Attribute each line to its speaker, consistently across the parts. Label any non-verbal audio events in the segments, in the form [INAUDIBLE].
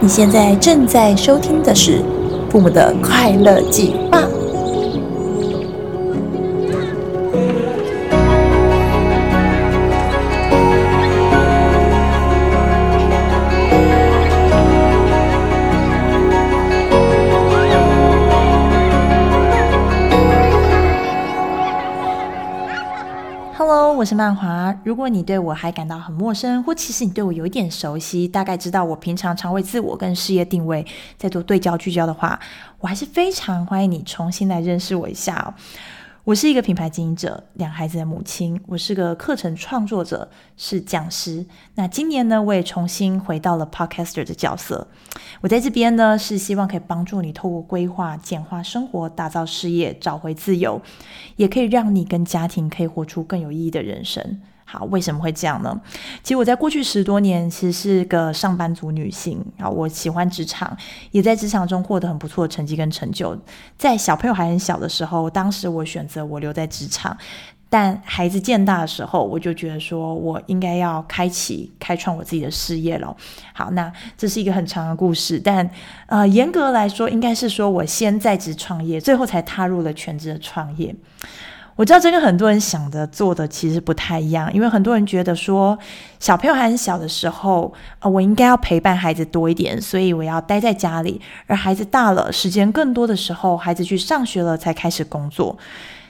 Speaker 1: 你現在正在收聽的是《父母的快樂計劃》。Hello，我是曼華。如果你對我還感到很陌生，或其實你對我有一點熟悉，大概知道我平常常為自我跟事業定位，在做對焦聚焦的話，我還是非常歡迎你重新來認識我一下哦。我是一個品牌經營者，兩孩子的母親，我是個課程創作者，是講師。那今年呢，我也重新回到了 Podcaster 的角色。我在這邊呢，是希望可以幫助你透過規劃、簡化生活、打造事業、找回自由，也可以讓你跟家庭可以活出更有意義的人生。啊，為什麼會這樣呢？其實我在過去十多年，其實是個上班族女性啊。我喜歡職場，也在職場中獲得很不錯的成績跟成就。在小朋友還很小的時候，當時我選擇我留在職場，但孩子漸大的時候，我就覺得說我應該要開啟、開創我自己的事業了。好，那這是一個很長的故事，但呃，嚴格來說，應該是說我先在職創業，最後才踏入了全職的創業。我知道，這跟很多人想的、做的其實不太一樣，因為很多人覺得說，小朋友還很小的時候，啊、呃，我應該要陪伴孩子多一點，所以我要待在家裡；而孩子大了，時間更多的時候，孩子去上學了，才開始工作。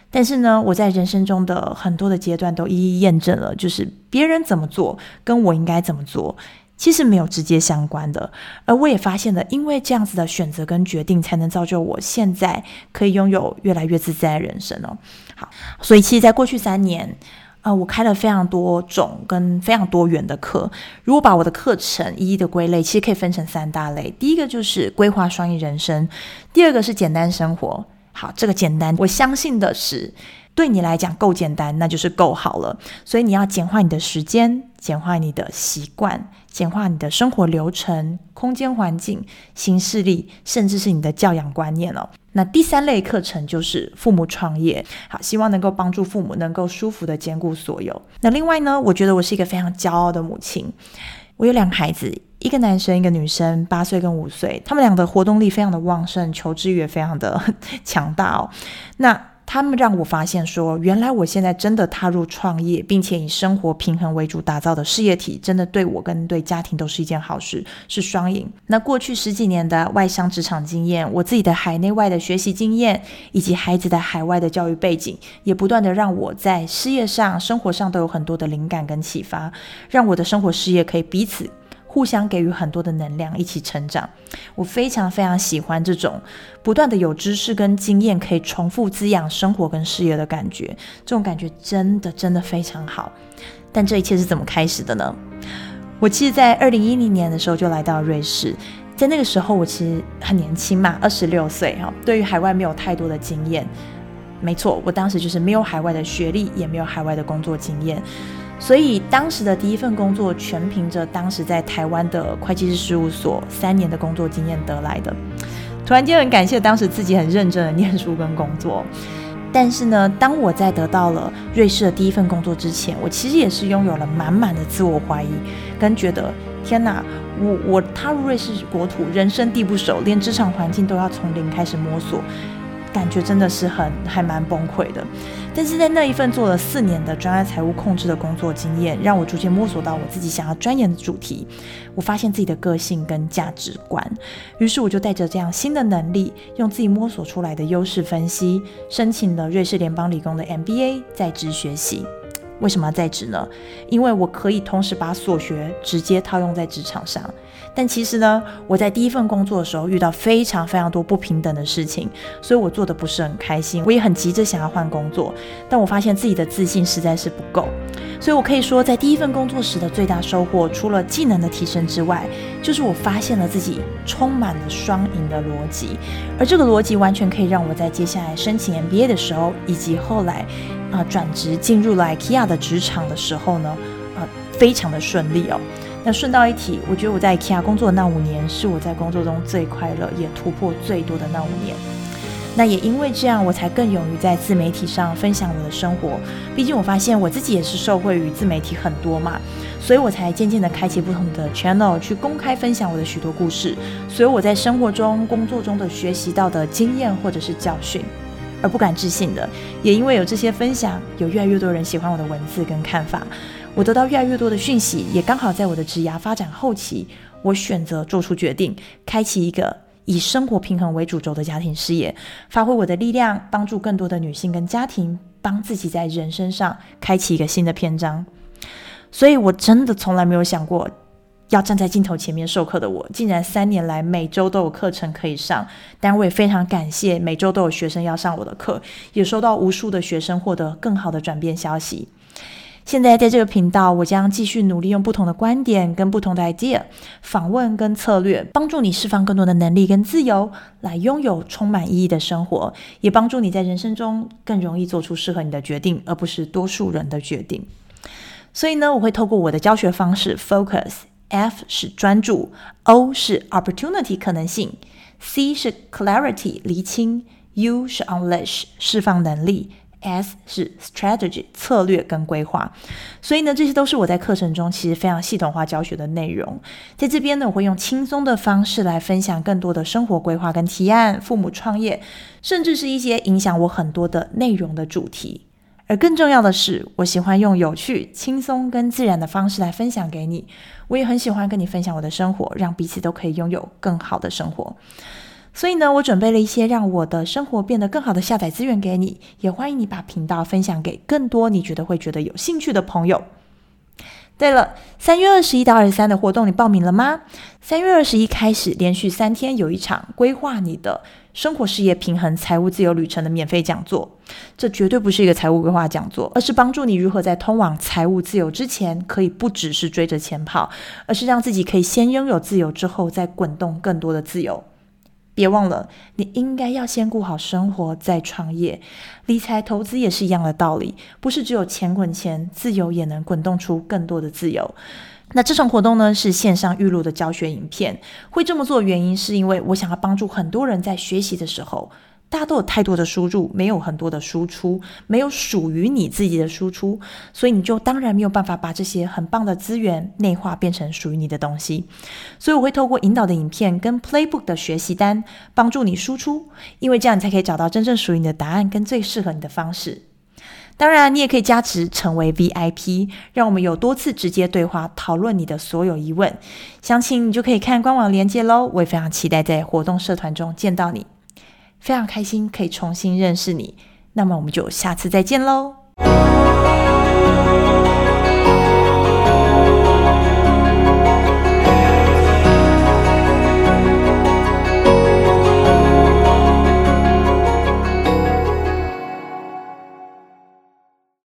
Speaker 1: 但是呢，我在人生中的很多的階段都一一驗證了，就是別人怎麼做，跟我應該怎麼做。其實沒有直接相關的，而我也發現了，因為這樣子的選擇跟決定，才能造就我現在可以擁有越來越自在的人生哦。好，所以其實，在過去三年，呃，我開了非常多種跟非常多元的課。如果把我的課程一一的歸類，其實可以分成三大類：第一個就是規劃雙翼人生，第二個是簡單生活。好，這個簡單，我相信的是，對你來講夠簡單，那就是夠好了。所以你要簡化你的時間，簡化你的習慣。簡化你的生活流程、空間環境、行事曆，甚至是你的教養觀念哦。那第三類課程就是父母創業，好，希望能夠幫助父母能夠舒服的兼顧所有。那另外呢，我覺得我是一個非常驕傲的母親，我有兩個孩子，一個男生，一個女生，八歲跟五歲，他們倆的活動力非常的旺盛，求知欲也非常的 [LAUGHS] 強大哦。那他們讓我發現說，原來我現在真的踏入創業，並且以生活平衡為主打造的事業體，真的對我跟對家庭都是一件好事，是雙贏。那過去十幾年的外商職場經驗，我自己的海內外的學習經驗，以及孩子的海外的教育背景，也不斷的讓我在事業上、生活上都有很多的靈感跟啟發，讓我的生活事業可以彼此。互相給予很多的能量，一起成長。我非常非常喜歡這種不斷的有知識跟經驗可以重複滋養生活跟事業的感覺，這種感覺真的真的非常好。但這一切是怎麼開始的呢？我其實，在二零一零年的時候就來到瑞士，在那個時候我其實很年輕嘛，二十六歲哈，對於海外沒有太多的經驗。沒錯，我當時就是沒有海外的學歷，也沒有海外的工作經驗。所以當時的第一份工作，全憑着當時在台灣的會計師事務所三年的工作經驗得來的。突然間很感謝當時自己很認真的念書跟工作。但是呢，當我在得到了瑞士的第一份工作之前，我其實也是擁有了滿滿的自我懷疑，跟覺得天哪，我我踏入瑞士國土，人生地不熟，連職場環境都要從零開始摸索。感覺真的是很還蠻崩潰的，但是在那一份做了四年的專案財務控制的工作經驗，讓我逐漸摸索到我自己想要鑽研的主題，我發現自己的個性跟價值觀，於是我就帶着這樣新的能力，用自己摸索出來的優勢分析，申請了瑞士聯邦理工的 MBA 在職學習。為什麼要在職呢？因為我可以同時把所學直接套用在職場上。但其實呢，我在第一份工作的時候遇到非常非常多不平等的事情，所以我做的不是很開心。我也很急着想要換工作，但我發現自己的自信實在是不夠。所以我可以說，在第一份工作時的最大收穫，除了技能的提升之外，就是我發現了自己充滿了雙贏的邏輯。而這個邏輯完全可以讓我在接下來申請 MBA 的時候，以及後來啊、呃、轉職進入了 IKEA。的職場的時候呢，啊、呃，非常的順利哦。那順道一提，我覺得我在 KIA 工作的那五年是我在工作中最快樂也突破最多的那五年。那也因為這樣，我才更勇於在自媒體上分享我的生活。畢竟我發現我自己也是受惠於自媒體很多嘛，所以我才漸漸的開啟不同的 channel 去公開分享我的許多故事。所以我在生活中、工作中的學習到的經驗或者是教訓。而不敢置信的，也因為有這些分享，有越來越多人喜歡我的文字跟看法，我得到越來越多的訊息，也剛好在我的職涯發展後期，我選擇做出決定，開啟一個以生活平衡為主軸的家庭事業，發揮我的力量，幫助更多的女性跟家庭，幫自己在人生上開啟一個新的篇章。所以，我真的從來沒有想過。要站在鏡頭前面授課的我，竟然三年來每周都有課程可以上。但我也非常感謝每周都有學生要上我的課，也收到無數的學生獲得更好的轉變消息。現在，在這個頻道，我將繼續努力用不同的觀點跟不同的 idea、訪問跟策略，幫助你釋放更多的能力跟自由，來擁有充滿意義的生活，也幫助你在人生中更容易做出適合你的決定，而不是多數人的決定。所以呢，我會透過我的教學方式 focus。F 是專注，O 是 opportunity 可能性，C 是 clarity 釐清，U 是 unleash 釋放能力，S 是 strategy 策略跟規劃。所以呢，這些都是我在課程中其實非常系統化教學的內容。在這邊呢，我會用輕鬆的方式來分享更多的生活規劃跟提案、父母創業，甚至是一些影響我很多的內容的主題。而更重要的是，我喜歡用有趣、輕鬆跟自然的方式來分享給你。我也很喜歡跟你分享我的生活，讓彼此都可以擁有更好的生活。所以呢，我準備了一些讓我的生活變得更好的下載資源給你，也歡迎你把頻道分享給更多你覺得會覺得有興趣的朋友。對了，三月二十一到二十三的活動你報名了嗎？三月二十一開始，連續三天有一場規劃你的生活事業平衡、財務自由旅程的免費講座。這絕對不是一個財務規劃講座，而是幫助你如何在通往財務自由之前，可以不只是追着錢跑，而是讓自己可以先擁有自由，之後再滾動更多的自由。別忘了，你應該要先顧好生活再創業，理財投資也是一樣的道理。不是只有錢滾錢，自由也能滾動出更多的自由。那這場活動呢，是線上預錄的教學影片。會這麼做原因，是因為我想要幫助很多人在學習的時候。大家都有太多的輸入，沒有很多的輸出，沒有屬於你自己的輸出，所以你就當然沒有辦法把這些很棒的資源內化變成屬於你的東西。所以我會透過引導的影片跟 Playbook 的學習單幫助你輸出，因為這樣你才可以找到真正屬於你的答案跟最適合你的方式。當然啊，你也可以加持成為 VIP，讓我們有多次直接對話討論你的所有疑問。詳情你就可以看官網連接嘍。我也非常期待在活動社團中見到你。非常開心可以重新認識你，那麼我們就下次再見嘍。